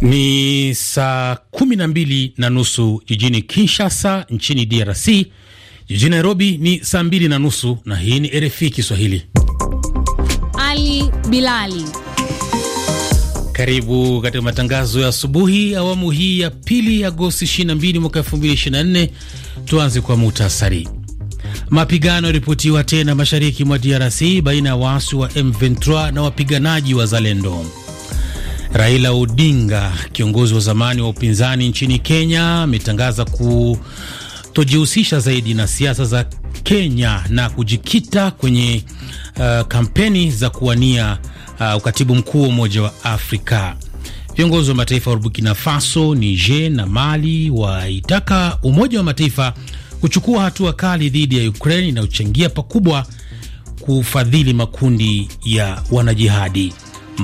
Ni saa kumi na mbili na nusu jijini Kinshasa nchini DRC. Jijini Nairobi ni saa mbili na nusu na hii ni RFI Kiswahili. Ali Bilali, karibu katika matangazo ya asubuhi awamu hii ya pili, Agosti 22 mwaka 2024. Tuanze kwa muhtasari. Mapigano yaripotiwa tena mashariki mwa DRC baina ya waasi wa M23 na wapiganaji wa Zalendo. Raila Odinga, kiongozi wa zamani wa upinzani nchini Kenya, ametangaza kutojihusisha zaidi na siasa za Kenya na kujikita kwenye uh, kampeni za kuwania uh, ukatibu mkuu wa Umoja wa Afrika. Viongozi wa mataifa wa Burkina Faso, Niger na Mali waitaka Umoja wa Mataifa kuchukua hatua kali dhidi ya Ukraine inayochangia pakubwa kufadhili makundi ya wanajihadi.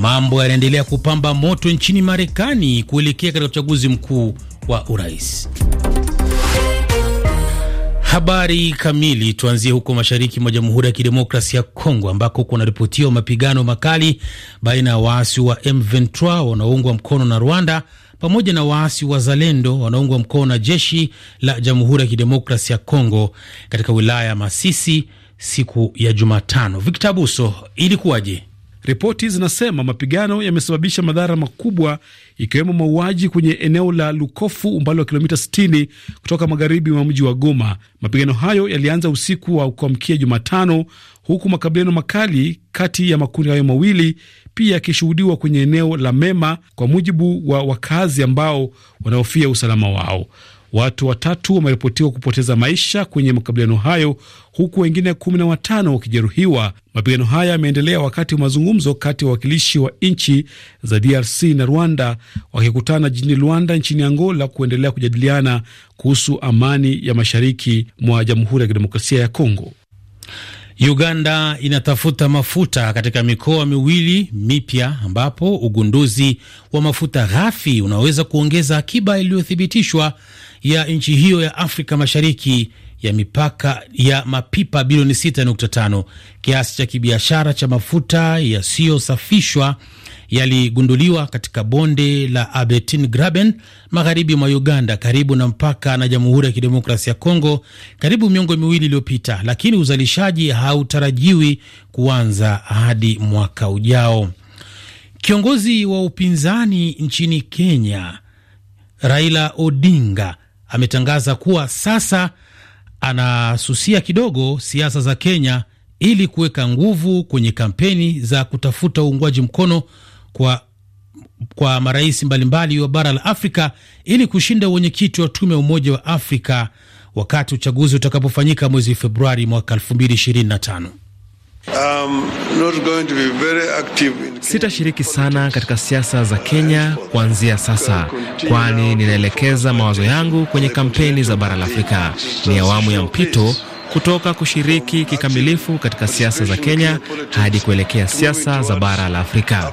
Mambo yanaendelea kupamba moto nchini Marekani kuelekea katika uchaguzi mkuu wa urais. Habari kamili, tuanzie huko mashariki mwa Jamhuri ya kidemokrasi ya Kongo ambako kunaripotiwa mapigano makali baina ya waasi wa M23 wanaoungwa mkono na Rwanda pamoja na waasi wa Zalendo wanaoungwa mkono na jeshi la Jamhuri ya kidemokrasi ya Kongo katika wilaya ya Masisi siku ya Jumatano. Victor Buso, ilikuwaje? Ripoti zinasema mapigano yamesababisha madhara makubwa, ikiwemo mauaji kwenye eneo la Lukofu, umbali wa kilomita 60 kutoka magharibi mwa mji wa Goma. Mapigano hayo yalianza usiku wa kuamkia Jumatano, huku makabiliano makali kati ya makundi hayo mawili pia yakishuhudiwa kwenye eneo la Mema, kwa mujibu wa wakazi ambao wanahofia usalama wao. Watu watatu wameripotiwa kupoteza maisha kwenye makabiliano hayo huku wengine kumi na watano wakijeruhiwa. Mapigano haya yameendelea wakati wa mazungumzo kati ya wawakilishi wa nchi za DRC na Rwanda wakikutana jijini Luanda nchini Angola kuendelea kujadiliana kuhusu amani ya mashariki mwa Jamhuri ya Kidemokrasia ya Kongo. Uganda inatafuta mafuta katika mikoa miwili mipya ambapo ugunduzi wa mafuta ghafi unaweza kuongeza akiba iliyothibitishwa ya nchi hiyo ya Afrika Mashariki ya mipaka ya mapipa bilioni 6.5. Kiasi cha kibiashara cha mafuta yasiyosafishwa yaligunduliwa katika bonde la Abertin Graben magharibi mwa Uganda, karibu na mpaka na Jamhuri ya Kidemokrasia ya Kongo karibu miongo miwili iliyopita, lakini uzalishaji hautarajiwi kuanza hadi mwaka ujao. Kiongozi wa upinzani nchini Kenya Raila Odinga ametangaza kuwa sasa anasusia kidogo siasa za Kenya ili kuweka nguvu kwenye kampeni za kutafuta uungwaji mkono kwa, kwa marais mbalimbali wa bara la Afrika ili kushinda uwenyekiti wa tume ya Umoja wa Afrika wakati uchaguzi utakapofanyika mwezi Februari mwaka 2025. Um, not going to be very active in... Sitashiriki sana katika siasa za Kenya kuanzia sasa, kwani ninaelekeza mawazo yangu kwenye kampeni za bara la Afrika. Ni awamu ya mpito kutoka kushiriki kikamilifu katika siasa za Kenya hadi kuelekea siasa za bara la Afrika.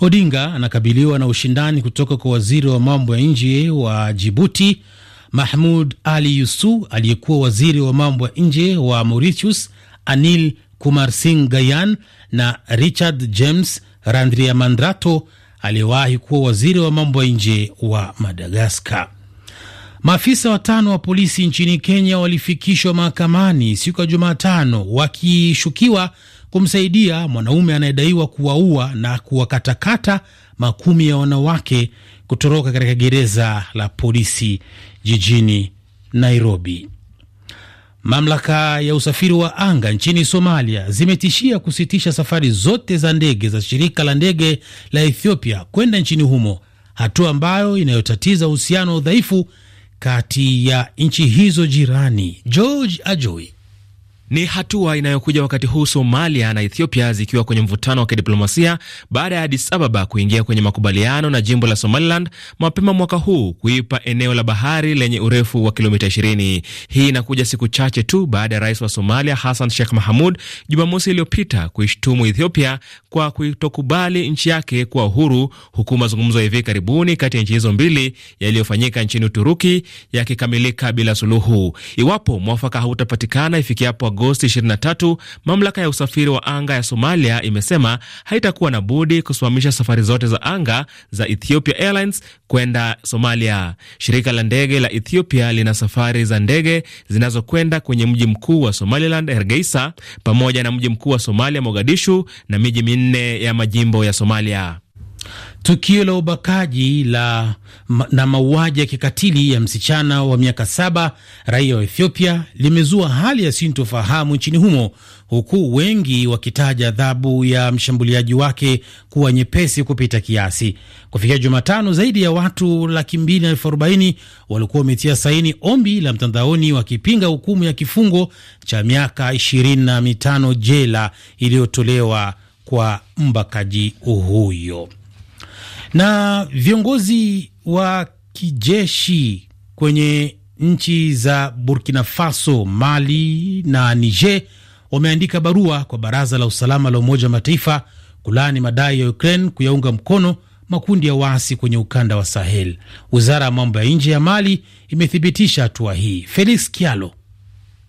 Odinga anakabiliwa na ushindani kutoka kwa waziri wa mambo ya nje wa Jibuti Mahmud Ali Yusu, aliyekuwa waziri wa mambo ya nje wa Mauritius, Anil kumarsin Gayan na Richard James Randriamandrato, aliyewahi kuwa waziri wa mambo ya nje wa Madagaskar. Maafisa watano wa polisi nchini Kenya walifikishwa mahakamani siku ya Jumatano wakishukiwa kumsaidia mwanaume anayedaiwa kuwaua na kuwakatakata makumi ya wanawake kutoroka katika gereza la polisi jijini Nairobi. Mamlaka ya usafiri wa anga nchini Somalia zimetishia kusitisha safari zote za ndege za shirika la ndege la Ethiopia kwenda nchini humo, hatua ambayo inayotatiza uhusiano wa udhaifu kati ya nchi hizo jirani. George Ajoi ni hatua inayokuja wakati huu Somalia na Ethiopia zikiwa kwenye mvutano wa kidiplomasia baada ya Addis Ababa kuingia kwenye makubaliano na jimbo la Somaliland mapema mwaka huu kuipa eneo la bahari lenye urefu wa kilomita 20. Hii inakuja siku chache tu baada ya rais wa Somalia Hassan Sheikh Mahamud Jumamosi iliyopita kuishtumu Ethiopia kwa kutokubali nchi yake kuwa huru, huku mazungumzo ya hivi karibuni kati ya nchi hizo mbili yaliyofanyika nchini Uturuki yakikamilika bila suluhu. Iwapo mwafaka hautapatikana ifikiapo Agosti 23, mamlaka ya usafiri wa anga ya Somalia imesema haitakuwa na budi kusimamisha safari zote za anga za Ethiopia Airlines kwenda Somalia. Shirika la ndege la Ethiopia lina safari za ndege zinazokwenda kwenye mji mkuu wa Somaliland, Hargeisa, pamoja na mji mkuu wa Somalia, Mogadishu, na miji minne ya majimbo ya Somalia. Tukio la ubakaji la na mauaji ya kikatili ya msichana wa miaka saba raia wa Ethiopia limezua hali ya sintofahamu nchini humo, huku wengi wakitaja adhabu ya mshambuliaji wake kuwa nyepesi kupita kiasi. Kufikia Jumatano, zaidi ya watu laki mbili na elfu arobaini walikuwa wametia saini ombi la mtandaoni wakipinga hukumu ya kifungo cha miaka ishirini na mitano jela iliyotolewa kwa mbakaji huyo. Na viongozi wa kijeshi kwenye nchi za Burkina Faso, Mali na Niger wameandika barua kwa Baraza la Usalama la Umoja wa Mataifa kulaani madai ya Ukraine kuyaunga mkono makundi ya waasi kwenye ukanda wa Sahel. Wizara ya mambo ya nje ya Mali imethibitisha hatua hii. Felix Kialo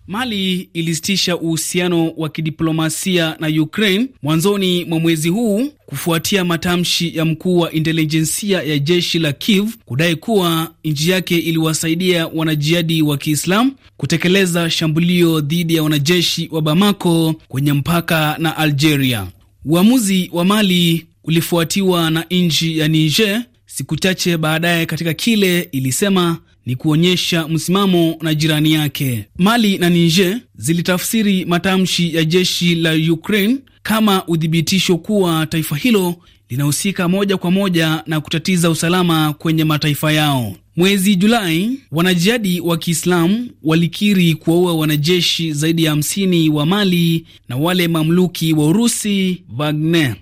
Mali ilisitisha uhusiano wa kidiplomasia na Ukraine mwanzoni mwa mwezi huu kufuatia matamshi ya mkuu wa intelijensia ya jeshi la Kiev kudai kuwa nchi yake iliwasaidia wanajihadi wa Kiislamu kutekeleza shambulio dhidi ya wanajeshi wa Bamako kwenye mpaka na Algeria. Uamuzi wa Mali ulifuatiwa na nchi ya Niger siku chache baadaye katika kile ilisema ni kuonyesha msimamo na jirani yake. Mali na Niger zilitafsiri matamshi ya jeshi la Ukraine kama uthibitisho kuwa taifa hilo linahusika moja kwa moja na kutatiza usalama kwenye mataifa yao. Mwezi Julai, wanajihadi wa Kiislamu walikiri kuwaua wanajeshi zaidi ya 50 wa Mali na wale mamluki wa Urusi Wagner.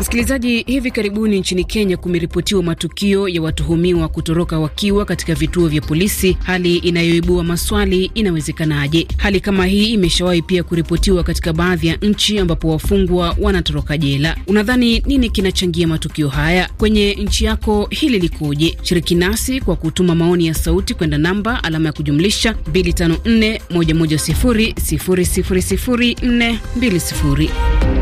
Msikilizaji, hivi karibuni nchini Kenya kumeripotiwa matukio ya watuhumiwa kutoroka wakiwa katika vituo vya polisi, hali inayoibua maswali, inawezekanaje? Hali kama hii imeshawahi pia kuripotiwa katika baadhi ya nchi ambapo wafungwa wanatoroka jela. Unadhani nini kinachangia matukio haya? Kwenye nchi yako hili likoje? Shiriki nasi kwa kutuma maoni ya sauti kwenda namba alama ya kujumlisha 254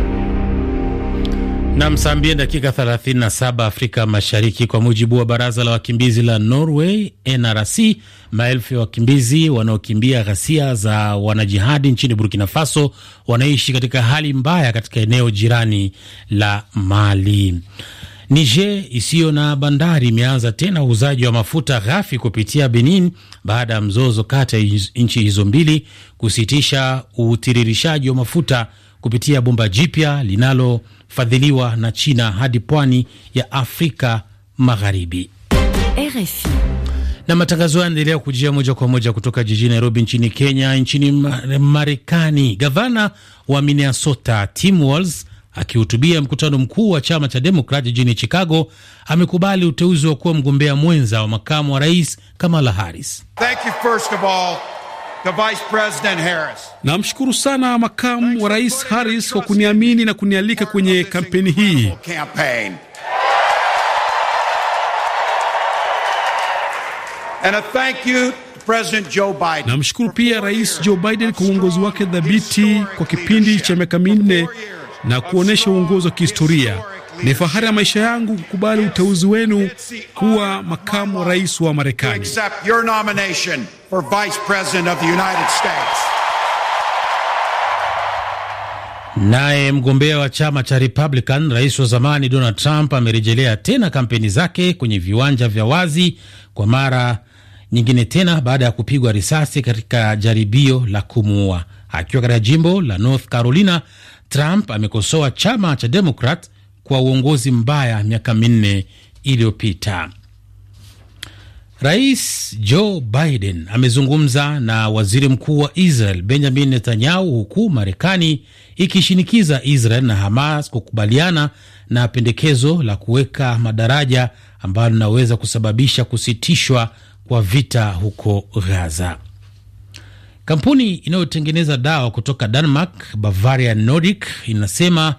Nam, saa mbili dakika 37 Afrika Mashariki. Kwa mujibu wa baraza la wakimbizi la Norway, NRC, maelfu ya wakimbizi wanaokimbia ghasia za wanajihadi nchini Burkina Faso wanaishi katika hali mbaya katika eneo jirani la Mali. Niger isiyo na bandari imeanza tena uuzaji wa mafuta ghafi kupitia Benin baada ya mzozo kati ya nchi hizo mbili kusitisha utiririshaji wa mafuta kupitia bomba jipya linalo fadhiliwa na China hadi pwani ya Afrika Magharibi. RFI na matangazo haya yanaendelea kujia moja kwa moja kutoka jijini Nairobi nchini Kenya. Nchini Marekani, gavana wa Minnesota Tim Walz akihutubia mkutano mkuu wa chama cha Demokrat jijini Chicago amekubali uteuzi wa kuwa mgombea mwenza wa makamu wa rais Kamala Harris. Thank you first of all. Namshukuru sana makamu wa rais Harris kwa kuniamini na kunialika kwenye kampeni hii. Namshukuru pia rais Joe Biden kwa uongozi wake thabiti kwa kipindi cha miaka minne na kuonyesha uongozi wa kihistoria. Ni fahari ya maisha yangu kukubali uteuzi wenu kuwa makamu wa rais wa Marekani for Vice President of the United States. Naye mgombea wa chama cha Republican, rais wa zamani Donald Trump amerejelea tena kampeni zake kwenye viwanja vya wazi kwa mara nyingine tena baada ya kupigwa risasi katika jaribio la kumuua. Akiwa katika jimbo la North Carolina, Trump amekosoa chama cha Demokrat kwa uongozi mbaya miaka minne iliyopita. Rais Joe Biden amezungumza na waziri mkuu wa Israel Benjamin Netanyahu, huku Marekani ikishinikiza Israel na Hamas kukubaliana na pendekezo la kuweka madaraja ambalo linaweza kusababisha kusitishwa kwa vita huko Gaza. Kampuni inayotengeneza dawa kutoka Denmark, Bavaria Nordic, inasema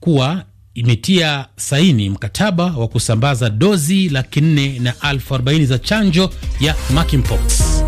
kuwa imetia saini mkataba wa kusambaza dozi laki nne na elfu arobaini za chanjo ya monkeypox.